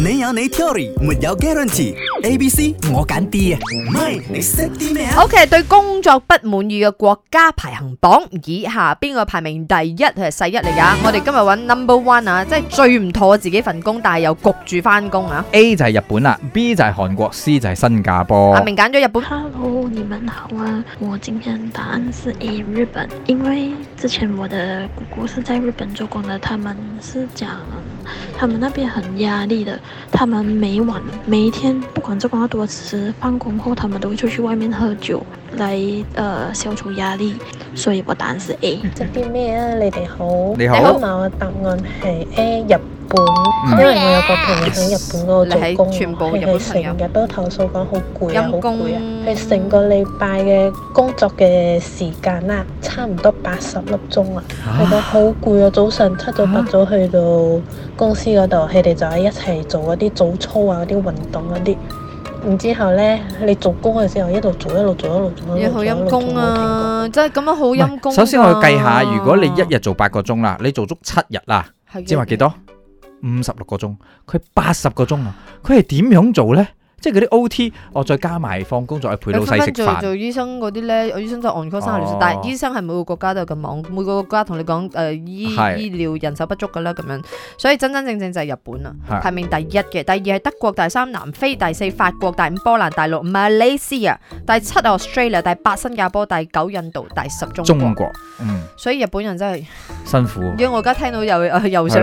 你有你的 theory，沒有 guarantee。A、B、C 我揀 D 啊，咪你識啲咩啊？好，佢係對工作不滿意嘅國家排行榜以下，邊個排名第一？佢係細一嚟㗎。我哋今日揾 number one 啊，即係最唔妥自己份工，但係又焗住返工啊。A 就係日本啦，B 就係韓國，C 就係新加坡。阿明揀咗日本。Hello，你們好啊，我今天答案是 A，日本，因為之前我的姑姑是在日本做工的，他們是講。他們那邊很壓力的，他們每晚每一天，不管做廣告多遲，放工後他們都會出去外面喝酒，來呃消除壓力。所以，我答案是 A，這你好，你好。我答案是 A 入。本，因為我有個朋友喺日本嗰度做工，佢係成日都投訴講好攰啊，好攰啊！佢成個禮拜嘅工作嘅時間啦，差唔多八十粒鐘啊，佢話好攰啊。早上七早八早去到公司嗰度，佢哋就係一齊做嗰啲早操啊，嗰啲運動嗰啲。然之後呢，你做工嘅時候一路做一路做一路做一路做一路做一路做一路做一路做一路做一路做一路做一路做一路做一路做一路做一路做一路五十六個鐘，佢八十個鐘啊！佢係點樣做咧？即係嗰啲 O.T.，我再加埋放工再陪老細食飯。呃呃、做做醫生嗰啲咧，醫生就按科、三甲生下，但係醫生係每個國家都有咁忙，每個國家同你講誒、呃、醫是醫療人手不足噶啦，咁樣，所以真真正，正正就係日本啊，是排名第一嘅，第二係德國，第三南非，第四法國，第五波蘭，第六 Malaysia，第七 Australia，第八新加坡，第九印度，第十中，中國。嗯。所以日本人真係辛苦。因為我而家聽到又又想